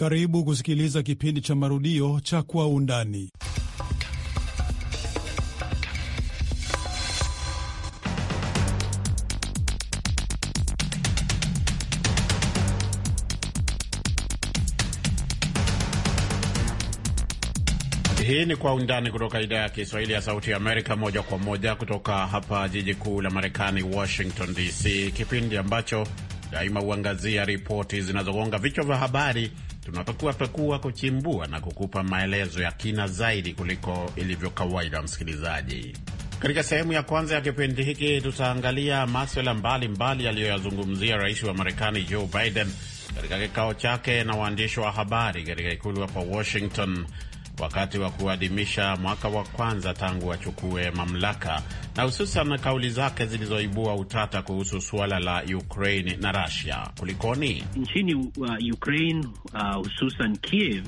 Karibu kusikiliza kipindi cha marudio cha Kwa Undani. Hii ni Kwa Undani kutoka idhaa ya Kiswahili ya Sauti ya Amerika, moja kwa moja kutoka hapa jiji kuu la Marekani, Washington DC, kipindi ambacho daima huangazia ripoti zinazogonga vichwa vya habari tunapekua pekua, kuchimbua na kukupa maelezo ya kina zaidi kuliko ilivyo kawaida, msikilizaji. Katika sehemu ya kwanza ya kipindi hiki tutaangalia maswala mbalimbali yaliyoyazungumzia rais wa Marekani Joe Biden katika kikao chake na waandishi wa habari katika ikulu hapa Washington wakati wa kuadhimisha mwaka wa kwanza tangu wachukue mamlaka, na hususan kauli zake zilizoibua utata kuhusu suala la Ukraine na Russia. Kulikoni nchini uh, Ukraine uh, hususan uh, Kiev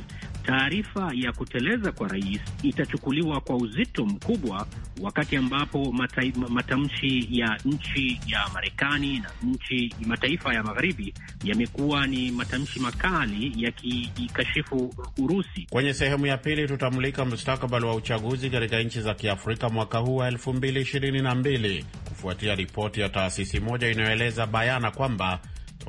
Taarifa ya kuteleza kwa rais itachukuliwa kwa uzito mkubwa wakati ambapo mata, matamshi ya nchi ya Marekani na nchi mataifa ya magharibi yamekuwa ni matamshi makali yakiikashifu Urusi. Kwenye sehemu ya pili tutamulika mustakabali wa uchaguzi katika nchi za Kiafrika mwaka huu wa mbili kufuatia ripoti ya taasisi moja inayoeleza bayana kwamba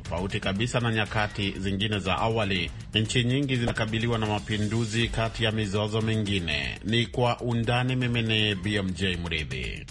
tofauti kabisa na nyakati zingine za awali. Nchi nyingi zinakabiliwa na mapinduzi kati ya mizozo mingine. Ni kwa undani. Mimi ni BMJ Mridhi.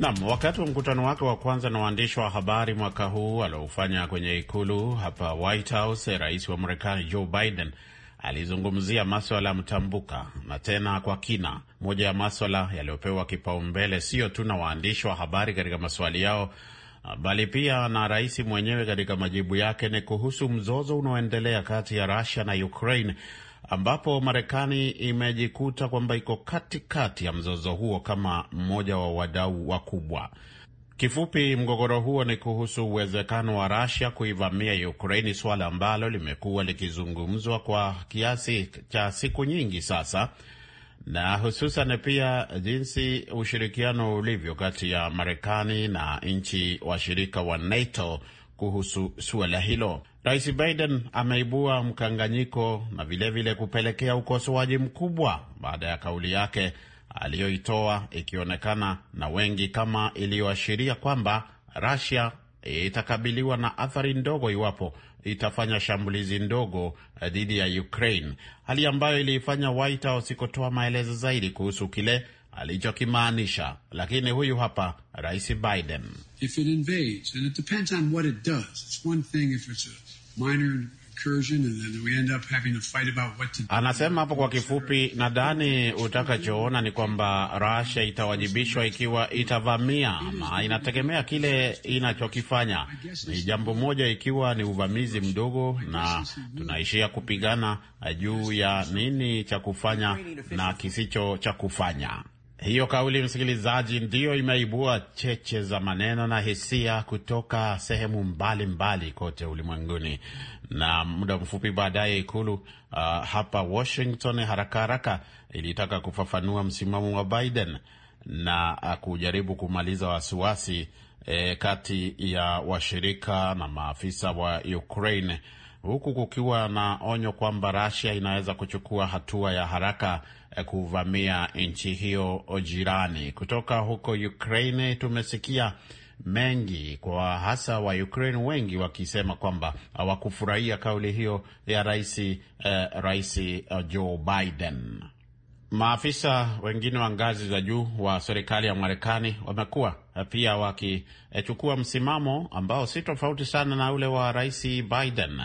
Nam, wakati wa mkutano wake wa kwanza na waandishi wa habari mwaka huu aliofanya kwenye ikulu hapa White House, eh, rais wa Marekani Joe Biden alizungumzia maswala ya mtambuka na tena kwa kina. Moja ya maswala yaliyopewa kipaumbele sio tu na waandishi wa habari katika maswali yao, ah, bali pia na rais mwenyewe katika majibu yake, ni kuhusu mzozo unaoendelea kati ya rasia na Ukraine ambapo Marekani imejikuta kwamba iko katikati ya mzozo huo kama mmoja wa wadau wakubwa. Kifupi, mgogoro huo ni kuhusu uwezekano wa Russia kuivamia Ukraini, suala ambalo limekuwa likizungumzwa kwa kiasi cha siku nyingi sasa, na hususan pia jinsi ushirikiano ulivyo kati ya Marekani na nchi washirika wa NATO kuhusu suala hilo. Rais Biden ameibua mkanganyiko na vilevile vile kupelekea ukosoaji mkubwa baada ya kauli yake aliyoitoa ikionekana na wengi kama iliyoashiria kwamba Russia itakabiliwa na athari ndogo iwapo itafanya shambulizi ndogo dhidi ya Ukraine, hali ambayo iliifanya White House maelezo zaidi kuhusu kile alichokimaanisha. Lakini huyu hapa Rais Biden. If it invades, and it depends on what it does. It's one thing if it's a minor incursion and then we end up having to fight about what to do. Anasema hapo kwa kifupi, nadhani utakachoona ni kwamba Russia itawajibishwa ikiwa itavamia, ama inategemea kile inachokifanya. Ni jambo moja ikiwa ni uvamizi mdogo, na tunaishia kupigana juu ya nini cha kufanya na kisicho cha kufanya. Hiyo kauli, msikilizaji, ndiyo imeibua cheche za maneno na hisia kutoka sehemu mbalimbali mbali kote ulimwenguni. Na muda mfupi baadaye, ikulu uh, hapa Washington haraka haraka ilitaka kufafanua msimamo wa Biden na uh, kujaribu kumaliza wasiwasi e, kati ya washirika na maafisa wa Ukraine, huku kukiwa na onyo kwamba Russia inaweza kuchukua hatua ya haraka Eh, kuvamia nchi hiyo jirani. Kutoka huko Ukraine tumesikia mengi kwa hasa wa Ukraine wengi wakisema kwamba hawakufurahia kauli hiyo ya rais eh, rais eh, Joe Biden. Maafisa wengine wa ngazi za juu wa serikali ya Marekani wamekuwa eh, pia wakichukua msimamo ambao si tofauti sana na ule wa rais Biden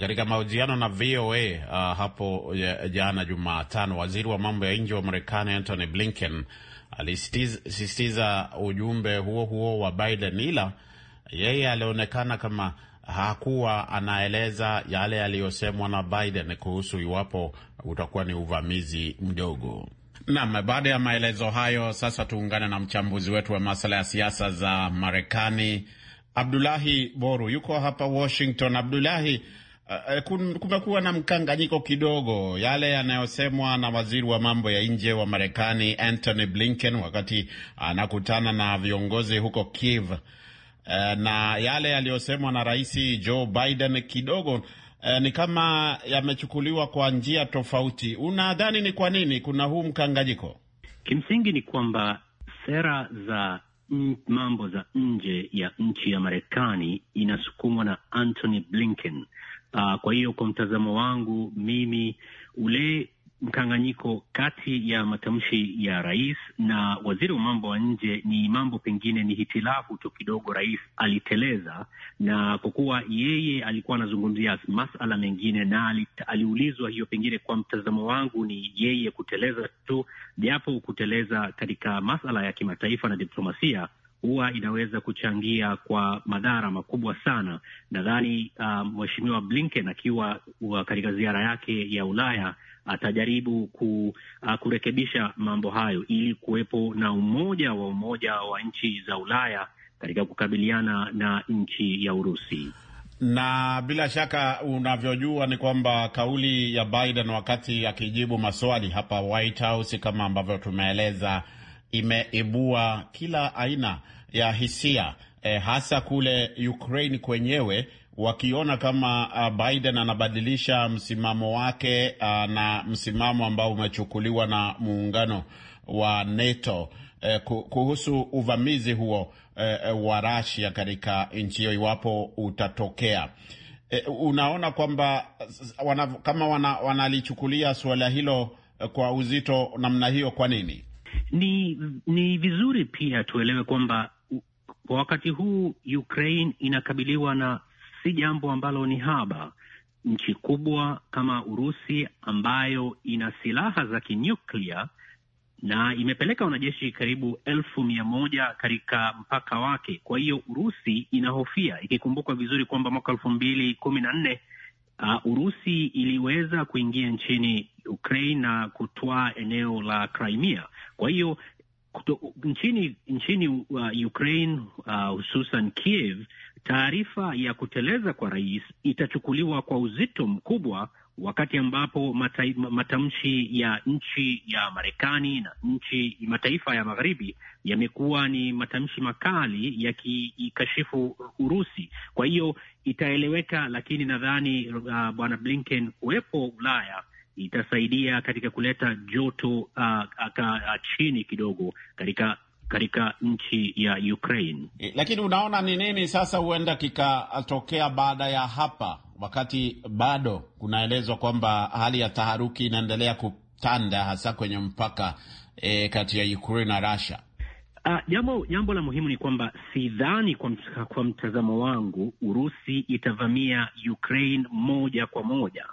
katika mahojiano na VOA uh, hapo jana Jumatano, waziri wa mambo ya nje wa Marekani antony Blinken alisisitiza ujumbe huo huo wa Biden, ila yeye alionekana kama hakuwa anaeleza yale yaliyosemwa na Biden kuhusu iwapo utakuwa ni uvamizi mdogo. Naam, baada ya maelezo hayo, sasa tuungane na mchambuzi wetu wa masuala ya siasa za Marekani Abdulahi Boru, yuko hapa Washington. Abdulahi, Uh, kumekuwa na mkanganyiko kidogo, yale yanayosemwa na waziri wa mambo ya nje wa Marekani Antony Blinken wakati anakutana uh, na viongozi huko Kiev uh, eh, na yale yaliyosemwa na Rais Joe Biden kidogo uh, ni kama yamechukuliwa kwa njia tofauti. Unadhani ni kwa nini kuna huu mkanganyiko? Kimsingi ni kwamba sera za mambo za nje ya nchi ya Marekani inasukumwa na Antony Blinken Uh, kwa hiyo kwa mtazamo wangu mimi ule mkanganyiko kati ya matamshi ya rais na waziri wa mambo wa nje ni mambo pengine ni hitilafu tu kidogo. Rais aliteleza, na kwa kuwa yeye alikuwa anazungumzia masala mengine na aliulizwa, hiyo pengine kwa mtazamo wangu ni yeye kuteleza tu, japo kuteleza katika masala ya kimataifa na diplomasia huwa inaweza kuchangia kwa madhara makubwa sana. Nadhani uh, Mheshimiwa Blinken akiwa uh, katika ziara yake ya Ulaya atajaribu ku, uh, kurekebisha mambo hayo ili kuwepo na umoja wa Umoja wa nchi za Ulaya katika kukabiliana na nchi ya Urusi na bila shaka unavyojua ni kwamba kauli ya Biden wakati akijibu maswali hapa White House, kama ambavyo tumeeleza imeibua kila aina ya hisia eh, hasa kule Ukraine kwenyewe wakiona kama ah, Biden anabadilisha msimamo wake ah, na msimamo ambao umechukuliwa na muungano wa NATO eh, kuhusu uvamizi huo eh, wa Russia katika nchi hiyo iwapo utatokea. Eh, unaona kwamba wana, kama wanalichukulia wana suala hilo eh, kwa uzito namna hiyo, kwa nini? Ni, ni vizuri pia tuelewe kwamba kwa wakati huu Ukraine inakabiliwa na si jambo ambalo ni haba, nchi kubwa kama Urusi ambayo ina silaha za kinyuklia na imepeleka wanajeshi karibu elfu mia moja katika mpaka wake. Kwa hiyo Urusi inahofia, ikikumbukwa vizuri kwamba mwaka elfu mbili kumi na nne uh, Urusi iliweza kuingia nchini Ukraine na kutwaa eneo la Crimea kwa hiyo nchini nchini uh, Ukraine uh, hususan Kiev, taarifa ya kuteleza kwa rais itachukuliwa kwa uzito mkubwa wakati ambapo mata, matamshi ya nchi ya Marekani na nchi mataifa ya magharibi yamekuwa ni matamshi makali yakiikashifu Urusi. Kwa hiyo itaeleweka, lakini nadhani uh, bwana Blinken kuwepo Ulaya itasaidia katika kuleta joto uh, a uh, chini kidogo katika katika nchi ya Ukraine. Eh, lakini unaona ni nini sasa huenda kikatokea baada ya hapa, wakati bado kunaelezwa kwamba hali ya taharuki inaendelea kutanda hasa kwenye mpaka e, kati ya Ukraine na Russia. Uh, jambo jambo la muhimu ni kwamba sidhani kwa, kwa mtazamo wangu Urusi itavamia Ukraine moja kwa moja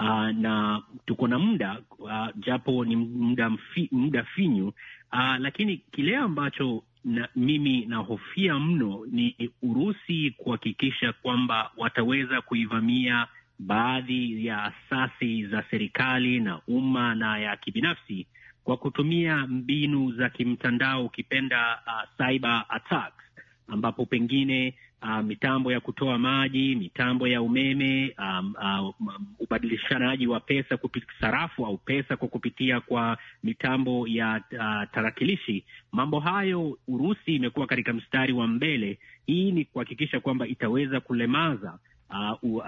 uh, na tuko na muda uh, japo ni muda, mfi, muda finyu uh, lakini kile ambacho na mimi nahofia mno ni Urusi kuhakikisha kwamba wataweza kuivamia baadhi ya asasi za serikali na umma na ya kibinafsi kwa kutumia mbinu za kimtandao ukipenda, uh, cyber attacks ambapo pengine uh, mitambo ya kutoa maji, mitambo ya umeme, um, uh, ubadilishanaji wa pesa kupitia sarafu au pesa kwa kupitia kwa mitambo ya uh, tarakilishi. Mambo hayo Urusi imekuwa katika mstari wa mbele. Hii ni kuhakikisha kwamba itaweza kulemaza Uh, uh,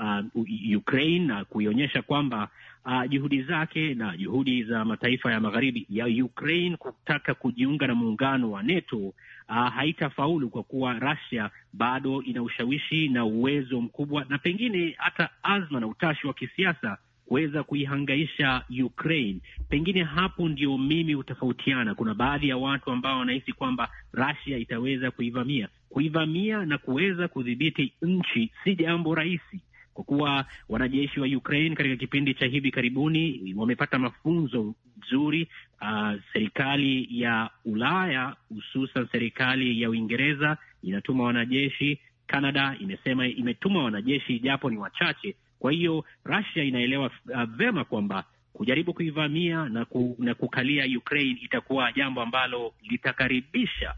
Ukraine na kuionyesha kwamba uh, juhudi zake na juhudi za mataifa ya magharibi ya Ukraine kutaka kujiunga na muungano wa NATO uh, haitafaulu kwa kuwa Russia bado ina ushawishi na uwezo mkubwa na pengine hata azma na utashi wa kisiasa kuweza kuihangaisha Ukraine. Pengine hapo ndio mimi hutofautiana. Kuna baadhi ya watu ambao wanahisi kwamba Russia itaweza kuivamia kuivamia na kuweza kudhibiti nchi si jambo rahisi, kwa kuwa wanajeshi wa Ukraine katika kipindi cha hivi karibuni wamepata mafunzo nzuri. Uh, serikali ya Ulaya hususan serikali ya Uingereza inatuma wanajeshi. Canada imesema imetuma wanajeshi japo ni wachache. Kwa hiyo Russia inaelewa uh, vema kwamba kujaribu kuivamia na, ku, na kukalia Ukraine itakuwa jambo ambalo litakaribisha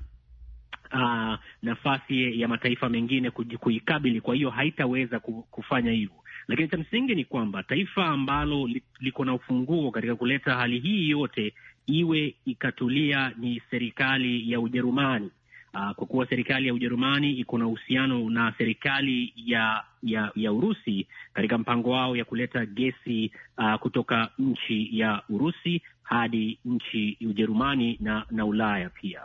uh, nafasi ya mataifa mengine kuikabili, kwa hiyo haitaweza kufanya hivyo. Lakini cha msingi ni kwamba taifa ambalo liko na ufunguo katika kuleta hali hii yote iwe ikatulia ni serikali ya Ujerumani. Uh, kwa kuwa serikali ya Ujerumani iko na uhusiano na serikali ya, ya, ya Urusi katika mpango wao ya kuleta gesi uh, kutoka nchi ya Urusi hadi nchi Ujerumani na, na Ulaya pia.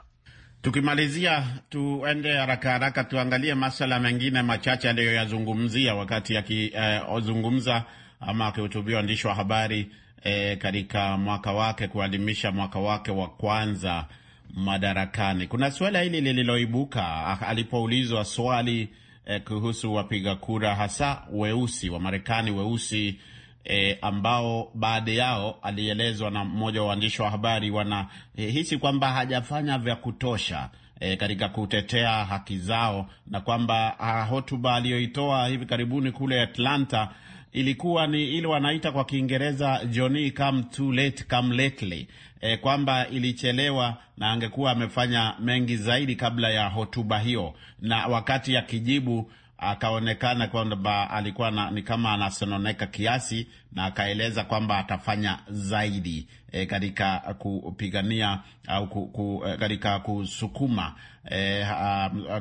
Tukimalizia tuende haraka haraka, tuangalie maswala mengine machache aliyoyazungumzia wakati akizungumza eh, ama akihutubia waandishi wa habari eh, katika mwaka wake kuadhimisha mwaka wake wa kwanza madarakani. Kuna suala hili lililoibuka ah, alipoulizwa swali eh, kuhusu wapiga kura hasa weusi wa Marekani weusi e, ambao baadhi yao alielezwa na mmoja wa waandishi wa habari wanahisi e, kwamba hajafanya vya kutosha E, katika kutetea haki zao na kwamba hotuba aliyoitoa hivi karibuni kule Atlanta ilikuwa ni ile wanaita kwa Kiingereza Johnny come too late come lately, e, kwamba ilichelewa na angekuwa amefanya mengi zaidi kabla ya hotuba hiyo, na wakati akijibu akaonekana kwamba alikuwa na, ni kama anasononeka kiasi na akaeleza kwamba atafanya zaidi e, katika kupigania au ku, ku, e, katika kusukuma e,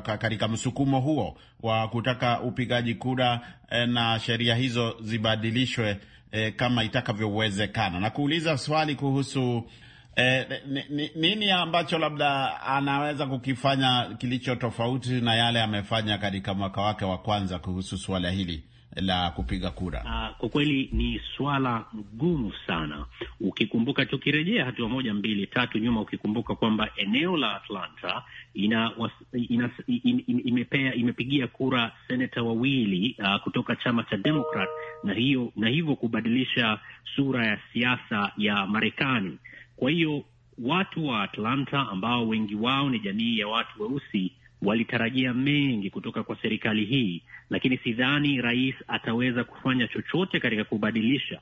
katika msukumo huo wa kutaka upigaji kura e, na sheria hizo zibadilishwe e, kama itakavyowezekana na kuuliza swali kuhusu E, eh, nini ambacho labda anaweza kukifanya kilicho tofauti na yale amefanya katika mwaka wake wa kwanza kuhusu suala hili la kupiga kura? Uh, kwa kweli ni swala ngumu sana, ukikumbuka, tukirejea hatua moja mbili tatu nyuma, ukikumbuka kwamba eneo la Atlanta ina, was, ina, in, in, imepea, imepigia kura seneta wawili uh, kutoka chama cha Democrat na hiyo na hivyo kubadilisha sura ya siasa ya Marekani. Kwa hiyo watu wa Atlanta ambao wengi wao ni jamii ya watu weusi walitarajia mengi kutoka kwa serikali hii, lakini sidhani rais ataweza kufanya chochote katika kubadilisha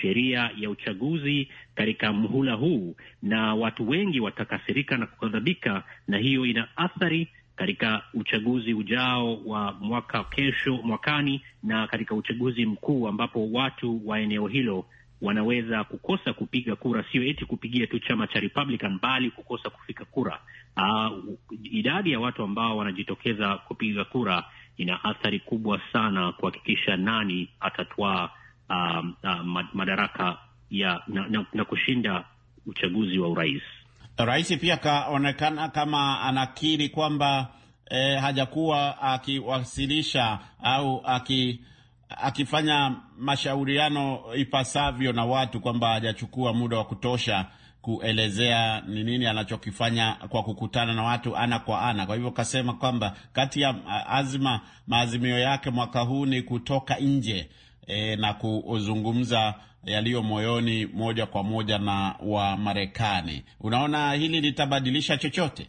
sheria ya uchaguzi katika mhula huu, na watu wengi watakasirika na kughadhabika, na hiyo ina athari katika uchaguzi ujao wa mwaka kesho, mwakani, na katika uchaguzi mkuu ambapo watu wa eneo hilo wanaweza kukosa kupiga kura, sio eti kupigia tu chama cha Republican, bali kukosa kufika kura. Uh, idadi ya watu ambao wanajitokeza kupiga kura ina athari kubwa sana kuhakikisha nani atatwaa uh, ah, uh, ah, madaraka ya na, na, na kushinda uchaguzi wa urais. Rais pia akaonekana kama anakiri kwamba eh, hajakuwa akiwasilisha au aki akifanya mashauriano ipasavyo na watu kwamba hajachukua muda wa kutosha kuelezea ni nini anachokifanya kwa kukutana na watu ana kwa ana. Kwa hivyo kasema kwamba kati ya azma maazimio yake mwaka huu ni kutoka nje e, na kuzungumza yaliyo moyoni moja kwa moja na wa Marekani. Unaona hili litabadilisha chochote?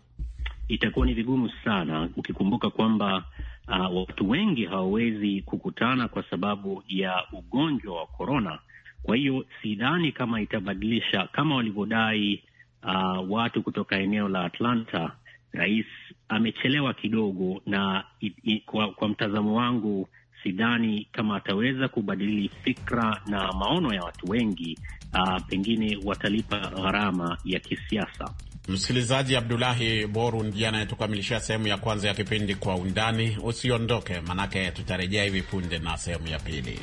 Itakuwa ni vigumu sana, ukikumbuka kwamba uh, watu wengi hawawezi kukutana kwa sababu ya ugonjwa wa korona. Kwa hiyo sidhani kama itabadilisha kama walivyodai uh, watu kutoka eneo la Atlanta. Rais amechelewa kidogo, na i, i, kwa, kwa mtazamo wangu sidhani kama ataweza kubadili fikra na maono ya watu wengi. Uh, pengine watalipa gharama ya kisiasa. Msikilizaji, Abdulahi Boru ndiye anayetukamilishia sehemu ya kwanza ya kipindi Kwa Undani. Usiondoke, manake tutarejea hivi punde na sehemu ya pili.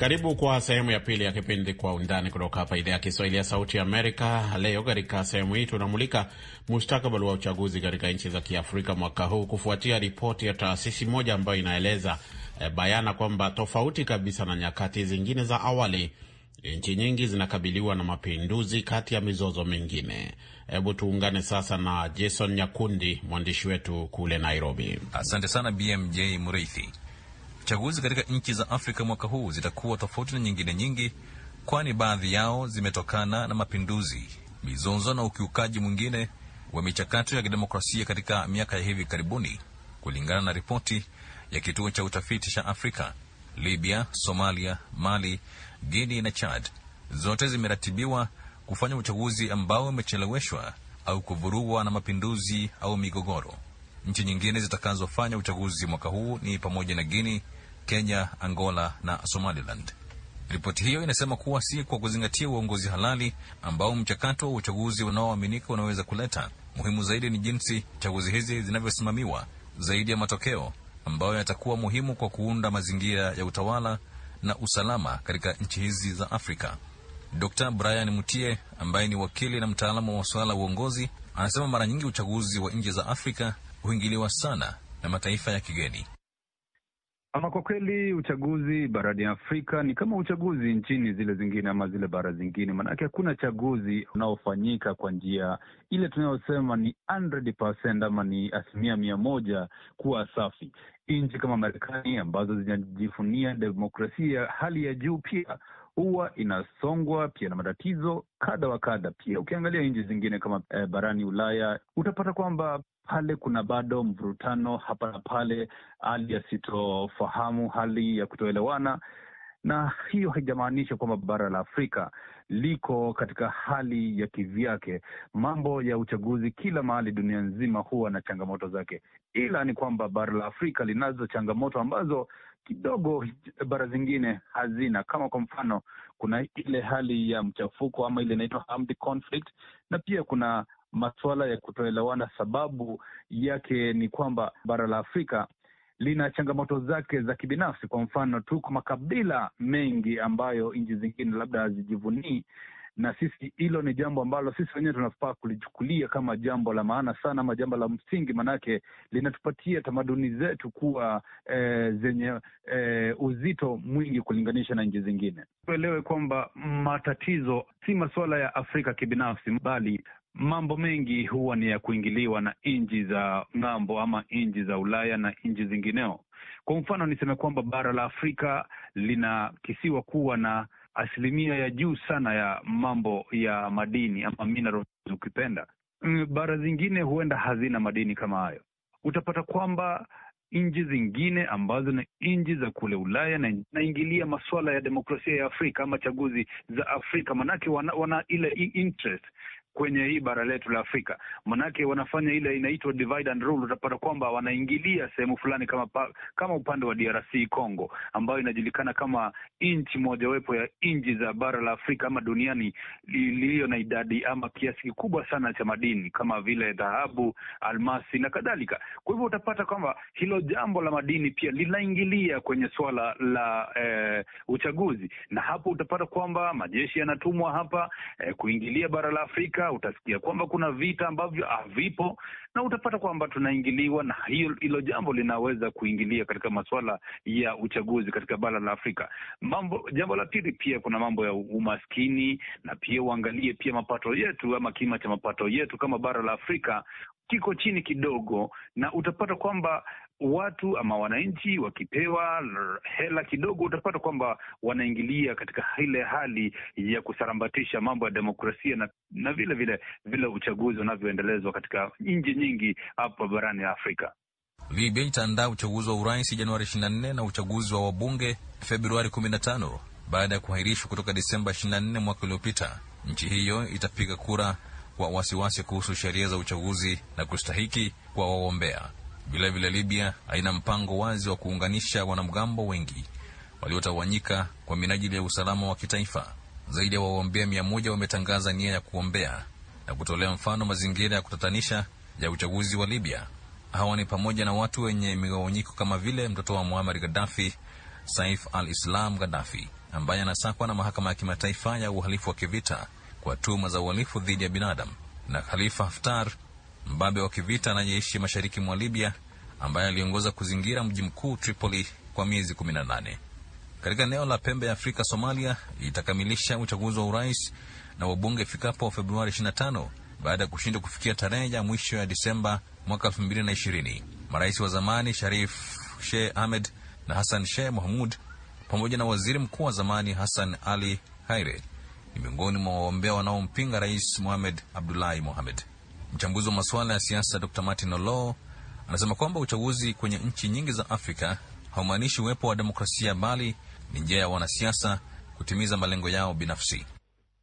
Karibu kwa sehemu ya pili ya kipindi Kwa Undani kutoka hapa idhaa ya Kiswahili ya Sauti Amerika. Leo katika sehemu hii tunamulika mustakabali wa uchaguzi katika nchi za Kiafrika mwaka huu kufuatia ripoti ya taasisi moja ambayo inaeleza Eh, bayana kwamba tofauti kabisa na nyakati zingine za awali, nchi nyingi zinakabiliwa na mapinduzi kati ya mizozo mingine. Hebu tuungane sasa na Jason Nyakundi, mwandishi wetu kule Nairobi. Asante sana BMJ Murithi. Chaguzi katika nchi za Afrika mwaka huu zitakuwa tofauti na nyingine nyingi, kwani baadhi yao zimetokana na mapinduzi, mizozo na ukiukaji mwingine wa michakato ya kidemokrasia katika miaka ya hivi karibuni, kulingana na ripoti ya kituo cha utafiti cha Afrika. Libya, Somalia, Mali, Guinea na Chad zote zimeratibiwa kufanya uchaguzi ambao umecheleweshwa au kuvurugwa na mapinduzi au migogoro. Nchi nyingine zitakazofanya uchaguzi mwaka huu ni pamoja na Guinea, Kenya, Angola na Somaliland. Ripoti hiyo inasema kuwa si kwa kuzingatia uongozi halali ambao mchakato wa uchaguzi unaoaminika unaweza kuleta. Muhimu zaidi ni jinsi chaguzi hizi zinavyosimamiwa zaidi ya matokeo, ambayo yatakuwa muhimu kwa kuunda mazingira ya utawala na usalama katika nchi hizi za Afrika. Dr Brian Mutie, ambaye ni wakili na mtaalamu wa masuala ya uongozi, anasema mara nyingi uchaguzi wa nchi za Afrika huingiliwa sana na mataifa ya kigeni. Ama kwa kweli uchaguzi barani Afrika ni kama uchaguzi nchini zile zingine ama zile bara zingine, maanake hakuna chaguzi unaofanyika kwa njia ile tunayosema ni 100% ama ni asilimia mia moja kuwa safi. Nchi kama Marekani ambazo zinajifunia demokrasia hali ya juu pia huwa inasongwa pia na matatizo kadha wa kadha. Pia ukiangalia nchi zingine kama eh, barani Ulaya utapata kwamba pale kuna bado mvurutano hapa na pale, hali yasitofahamu hali ya kutoelewana, na hiyo haijamaanisha kwamba bara la Afrika liko katika hali ya kivyake. Mambo ya uchaguzi kila mahali dunia nzima huwa na changamoto zake, ila ni kwamba bara la Afrika linazo changamoto ambazo kidogo bara zingine hazina, kama kwa mfano kuna ile hali ya mchafuko ama ile inaitwa armed conflict, na pia kuna masuala ya kutoelewana. Sababu yake ni kwamba bara la Afrika lina changamoto zake za kibinafsi. Kwa mfano, tuko makabila mengi ambayo nchi zingine labda hazijivunii na sisi hilo ni jambo ambalo sisi wenyewe tunafaa kulichukulia kama jambo la maana sana, ama jambo la msingi, maanake linatupatia tamaduni zetu kuwa e, zenye e, uzito mwingi kulinganisha na nchi zingine. Tuelewe kwamba matatizo si masuala ya Afrika kibinafsi, bali mambo mengi huwa ni ya kuingiliwa na nchi za ng'ambo ama nchi za Ulaya na nchi zingineo. Kwa mfano, niseme kwamba bara la Afrika lina kisiwa kuwa na asilimia ya juu sana ya mambo ya madini ama minerals ukipenda. Mm, bara zingine huenda hazina madini kama hayo. Utapata kwamba nchi zingine ambazo ni nchi za kule Ulaya na masuala ya demokrasia ya Afrika ama chaguzi za Afrika, manake wana, wana ile interest kwenye hii bara letu la Afrika, manake wanafanya ile inaitwa divide and rule. Utapata kwamba wanaingilia sehemu fulani kama pa, kama upande wa DRC Congo, ambayo inajulikana kama nchi mojawapo ya nchi za bara la Afrika ama duniani iliyo na idadi ama kiasi kikubwa sana cha madini kama vile dhahabu, almasi na kadhalika. Kwa hivyo utapata kwamba hilo jambo la madini pia linaingilia kwenye suala la eh, uchaguzi, na hapo utapata kwamba majeshi yanatumwa hapa eh, kuingilia bara la Afrika Afrika utasikia kwamba kuna vita ambavyo havipo, na utapata kwamba tunaingiliwa na hiyo, hilo jambo linaweza kuingilia katika masuala ya uchaguzi katika bara la Afrika. Mambo, jambo la pili pia kuna mambo ya umaskini, na pia uangalie pia mapato yetu ama kima cha mapato yetu kama bara la Afrika kiko chini kidogo, na utapata kwamba watu ama wananchi wakipewa hela kidogo, utapata kwamba wanaingilia katika ile hali ya kusarambatisha mambo ya demokrasia na, na vile vile vile uchaguzi unavyoendelezwa katika nchi nyingi hapa barani Afrika. Libya itaandaa uchaguzi wa urais Januari 24 na uchaguzi wa wabunge Februari 15 baada ya kuahirishwa kutoka Disemba 24 mwaka uliopita. Nchi hiyo itapiga kura kwa wasiwasi kuhusu sheria za uchaguzi na kustahiki kwa wagombea. Vilevile Libya haina mpango wazi wa kuunganisha wanamgambo wengi waliotawanyika kwa minajili ya usalama wa kitaifa. Zaidi ya waombea mia moja wametangaza nia ya kuombea na kutolea mfano mazingira ya kutatanisha ya uchaguzi wa Libya. Hawa ni pamoja na watu wenye migawanyiko kama vile mtoto wa Muammar Gaddafi, Saif al-Islam Gaddafi ambaye anasakwa na mahakama ya kimataifa ya uhalifu wa kivita kwa tuhuma za uhalifu dhidi ya binadamu na Khalifa Haftar mbabe wa kivita anayeishi mashariki mwa Libya ambaye aliongoza kuzingira mji mkuu Tripoli kwa miezi 18. Katika eneo la pembe ya Afrika, Somalia itakamilisha uchaguzi wa urais na wabunge ifikapo Februari 25 baada ya kushindwa kufikia tarehe ya mwisho ya Disemba mwaka 2020. Marais wa zamani Sharif Sheikh Ahmed na Hassan Sheikh Mohamud pamoja na waziri mkuu wa zamani Hassan Ali Haire ni miongoni mwa waombea wanaompinga Rais Mohamed Abdullahi Mohamed. Mchambuzi wa masuala ya siasa Dr Martin Olo anasema kwamba uchaguzi kwenye nchi nyingi za Afrika haumaanishi uwepo wa demokrasia, bali ni njia ya wanasiasa kutimiza malengo yao binafsi.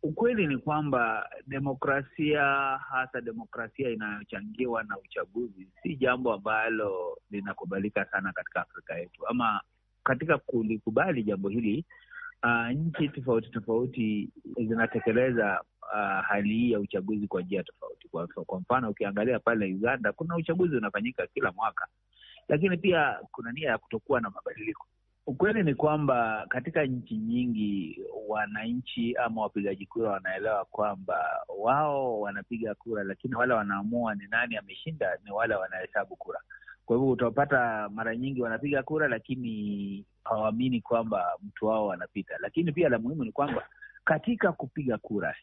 Ukweli ni kwamba demokrasia, hasa demokrasia inayochangiwa na uchaguzi, si jambo ambalo linakubalika sana katika Afrika yetu, ama katika kulikubali jambo hili uh, nchi tofauti tofauti zinatekeleza uh, hali hii ya uchaguzi kwa njia tofauti. Kwa, kwa mfano ukiangalia pale Uganda kuna uchaguzi unafanyika kila mwaka, lakini pia kuna nia ya kutokuwa na mabadiliko. Ukweli ni kwamba katika nchi nyingi wananchi ama wapigaji kura wanaelewa kwamba wao wanapiga kura, lakini wale wanaamua ni nani ameshinda ni wale wanahesabu kura. Kwa hivyo utapata mara nyingi wanapiga kura, lakini hawaamini kwamba mtu wao anapita. Lakini pia la muhimu ni kwamba katika kupiga kura,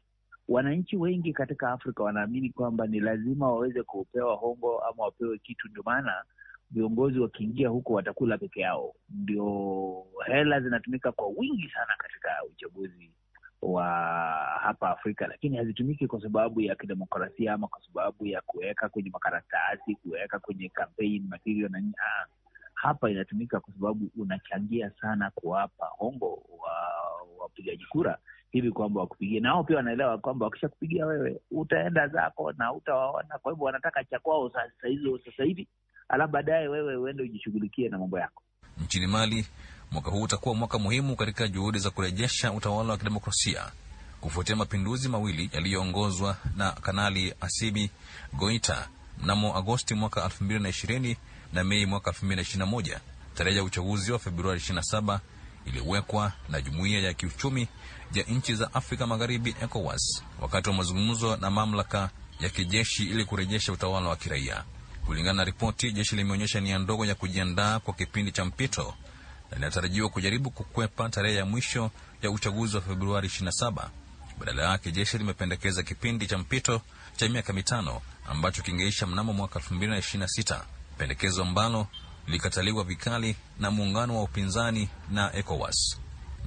wananchi wengi katika Afrika wanaamini kwamba ni lazima waweze kupewa hongo ama wapewe kitu, ndio maana viongozi wakiingia huko watakula peke yao. Ndio hela zinatumika kwa wingi sana katika uchaguzi wa hapa Afrika, lakini hazitumiki kwa sababu ya kidemokrasia ama kwa sababu ya kuweka kwenye makaratasi, kuweka kwenye campaign material na nini. Ah, hapa inatumika kwa sababu unachangia sana kuwapa hongo wapigaji kura hivi kwamba wakupigia. Nao pia wanaelewa kwamba wakisha kupigia wewe utaenda zako na utawaona. Kwa hivyo wanataka cha kwao sasa hizo sasa hivi, alafu baadaye wewe uende ujishughulikie na mambo yako. Nchini Mali Mwaka huu utakuwa mwaka muhimu katika juhudi za kurejesha utawala wa kidemokrasia kufuatia mapinduzi mawili yaliyoongozwa na Kanali Asimi Goita mnamo Agosti mwaka 2020 na Mei mwaka 2021. Tarehe ya uchaguzi wa Februari 27 iliwekwa na Jumuiya ya Kiuchumi ya Nchi za Afrika Magharibi, ECOWAS, wakati wa mazungumzo na mamlaka ya kijeshi ili kurejesha utawala wa kiraia. Kulingana na ripoti, jeshi limeonyesha nia ndogo ya kujiandaa kwa kipindi cha mpito na linatarajiwa kujaribu kukwepa tarehe ya mwisho ya uchaguzi wa Februari 27. Badala yake jeshi limependekeza kipindi cha mpito cha miaka mitano ambacho kingeisha mnamo mwaka 2026, pendekezo ambalo lilikataliwa vikali na muungano wa upinzani na ECOWAS.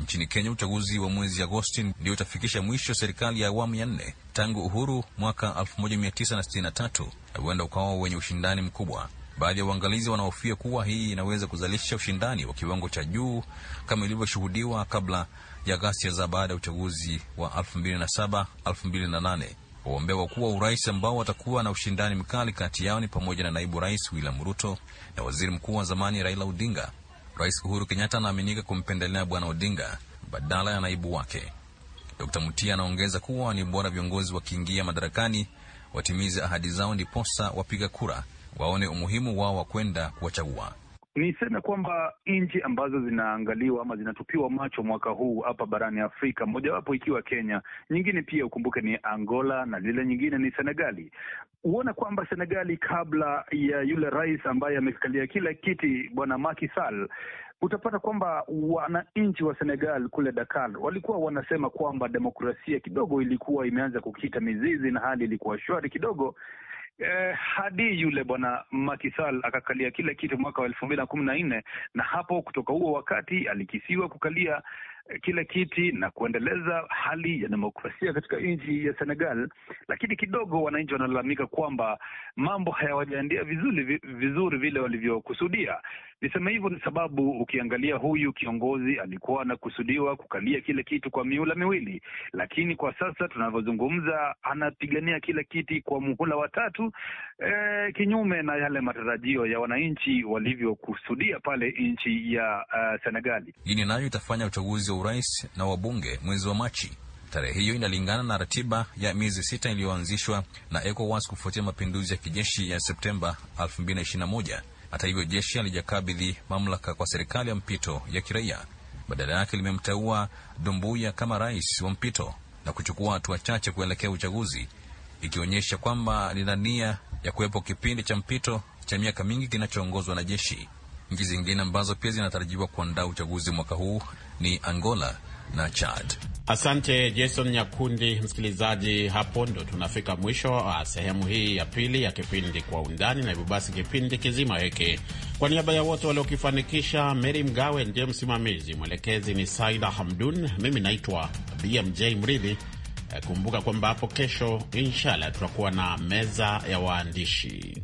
Nchini Kenya, uchaguzi wa mwezi Agosti ndio utafikisha mwisho serikali ya awamu ya nne tangu uhuru mwaka 1963 na huenda ukawa wenye ushindani mkubwa Baadhi ya waangalizi wanahofia kuwa hii inaweza kuzalisha ushindani wa kiwango cha juu kama ilivyoshuhudiwa kabla ya ghasia za baada ya uchaguzi wa 2007 2008. wakuu wa urais ambao watakuwa na ushindani mkali kati yao ni pamoja na naibu rais William Ruto na waziri mkuu wa zamani Raila Odinga. Rais Uhuru Kenyatta anaaminika kumpendelea Bwana Odinga badala ya naibu wake. Dkt Mutia anaongeza kuwa ni bora viongozi wakiingia madarakani watimize ahadi zao ndiposa wapiga kura waone umuhimu wao wa kwenda kuwachagua. Niseme kwamba nchi ambazo zinaangaliwa ama zinatupiwa macho mwaka huu hapa barani Afrika, mojawapo ikiwa Kenya, nyingine pia ukumbuke ni Angola na lile nyingine ni Senegali. Huona kwamba Senegali, kabla ya yule rais ambaye amekalia kila kiti, bwana Macky Sall, utapata kwamba wananchi wa Senegal kule Dakar walikuwa wanasema kwamba demokrasia kidogo ilikuwa imeanza kukita mizizi na hali ilikuwa shwari kidogo Eh, hadi yule bwana Makisal akakalia kile kiti mwaka wa elfu mbili na kumi na nne na hapo kutoka huo wakati alikisiwa kukalia eh, kile kiti na kuendeleza hali ya demokrasia katika nchi ya Senegal, lakini kidogo wananchi wanalalamika kwamba mambo hayawajaendea vizuri vizuri vile walivyokusudia. Niseme hivyo ni sababu ukiangalia huyu kiongozi alikuwa anakusudiwa kukalia kile kitu kwa miula miwili, lakini kwa sasa tunavyozungumza anapigania kila kiti kwa muhula wa tatu, e, kinyume na yale matarajio ya wananchi walivyokusudia pale nchi ya uh, eh, Senegali. Guinea nayo itafanya uchaguzi wa urais na wabunge mwezi wa Machi. Tarehe hiyo inalingana na ratiba ya miezi sita iliyoanzishwa na ECOWAS kufuatia mapinduzi ya kijeshi ya Septemba 2021. Hata hivyo, jeshi alijakabidhi mamlaka kwa serikali ya mpito ya kiraia. Badala yake limemteua Dumbuya kama rais wa mpito na kuchukua hatua chache kuelekea uchaguzi, ikionyesha kwamba lina nia ya kuwepo kipindi cha mpito cha miaka mingi kinachoongozwa na jeshi. Nchi zingine ambazo pia zinatarajiwa kuandaa uchaguzi mwaka huu ni Angola, na Chad. Asante Jason Nyakundi. Msikilizaji, hapo ndo tunafika mwisho wa sehemu hii ya pili ya kipindi Kwa Undani, na hivyo basi kipindi kizima hiki, kwa niaba ya wote waliokifanikisha, Meri Mgawe ndiye msimamizi, mwelekezi ni Saida Hamdun, mimi naitwa BMJ Mridhi. Kumbuka kwamba hapo kesho, inshallah, tutakuwa na meza ya waandishi.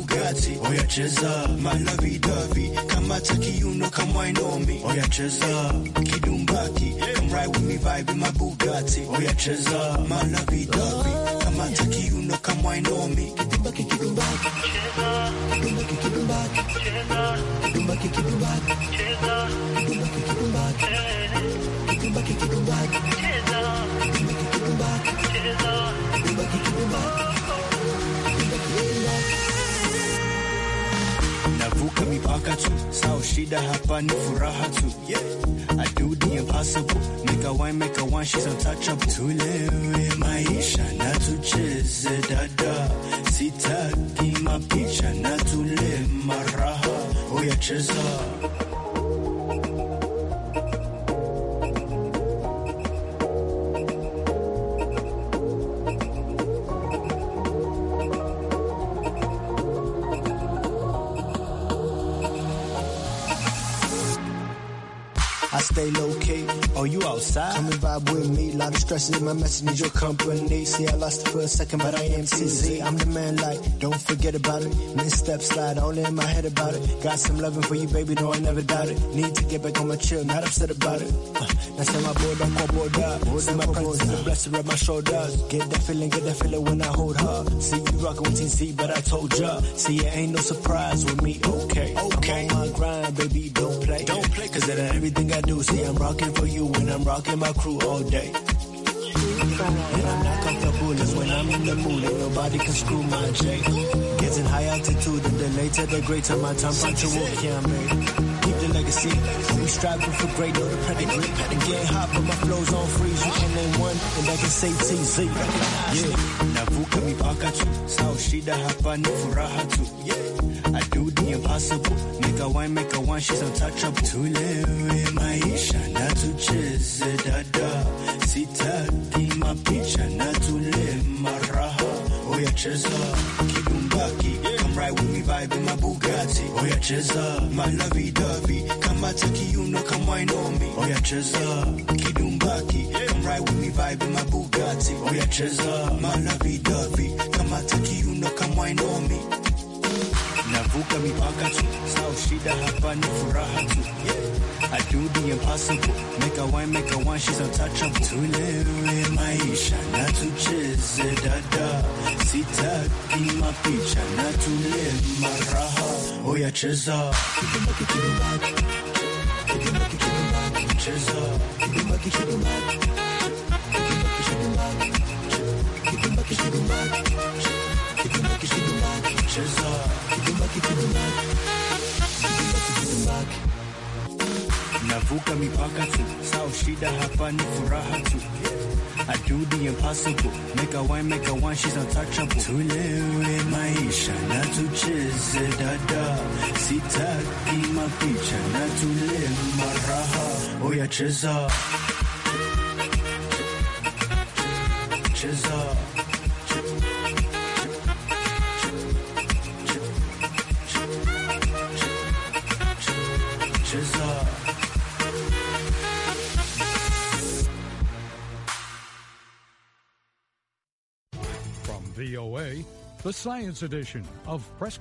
Bugatti, oya cheza, mana vidavi, kama takiuno kama inomi, oya cheza, kidumbaki, come ride with me vibe in my Bugatti, oya cheza, mana vidavi, kama takiuno kama inomi, kidumbaki kidumbaki, kidumbaki kidumbaki, kidumbaki kidumbaki, kidumbaki kidumbaki, kidumbaki kidumbaki, kidumbaki kidumbaki, kidumbaki kidumbaki. tunavuka mipaka tu, sao shida hapa ni furaha tu. I do the impossible, make a wine, make a wine, she's untouchable. Tulewe maisha na tucheze dada, sitaki mapicha na tule maraha, oya cheza stay low key. Oh, you outside? Come and vibe with me. Lot of stresses in my message, need your company. See, I lost it for a second, but I am TZ. I'm the man, like, don't forget about it. Misstep slide, only in my head about it. Got some loving for you, baby, no, I never doubt it. Need to get back on my chill, not upset about it. Uh, not call boy boda, see my presence is a blessing, rub my shoulders. Get that feeling, get that feeling when I hold her. See, you rockin' with TZ, but I told ya. See, it ain't no surprise with me, okay. Okay. I'm on my grind, baby, don't play. Don't play, cause that ain't everything I do See, I'm rocking for you when I'm rocking my crew all day. And I'm not comfortable is when I'm in the mood and nobody can screw my J. Getting high altitude and the later the greater my time punctual can the legacy. We striving for greater, the pedigree. Again, hot, but my flow's on freeze. You can name one, and I can say TZ. Yeah, navuka mipaka tu, sao shida hapa ni furaha tu. Yeah, I do the impossible. Make a wine, make a wine, she's untouchable. Tulewe maisha na tucheze dada, sitaki mapicha na tule maraha. Oya oh, chesa. kidumbaki ride with me, vibe in my Bugatti. Oya cheza, malavi davi, kamata kiuno, come wine on me. Oya oh, cheza, kidumbaki, come ride with me, vibe in my Bugatti. Oya cheza, malavi davi, kamata kiuno, come wine on me. Navuka mipaka tu, sao shida hapa ni furaha tu. Yeah. I do the impossible. Make a wine, make a wine, she's untouchable. Tulewe maisha na tucheze dada, sitaki mapicha na tule maraha, oya cheza cheza navuka mipaka tu, sao shida hapa ni furaha tu. I do the impossible, make a wine, make a wine, she's untouchable. Tulewe maisha na tucheze dada, sitaki mapicha na tule maraha, oya cheza cheza The Science Edition of Press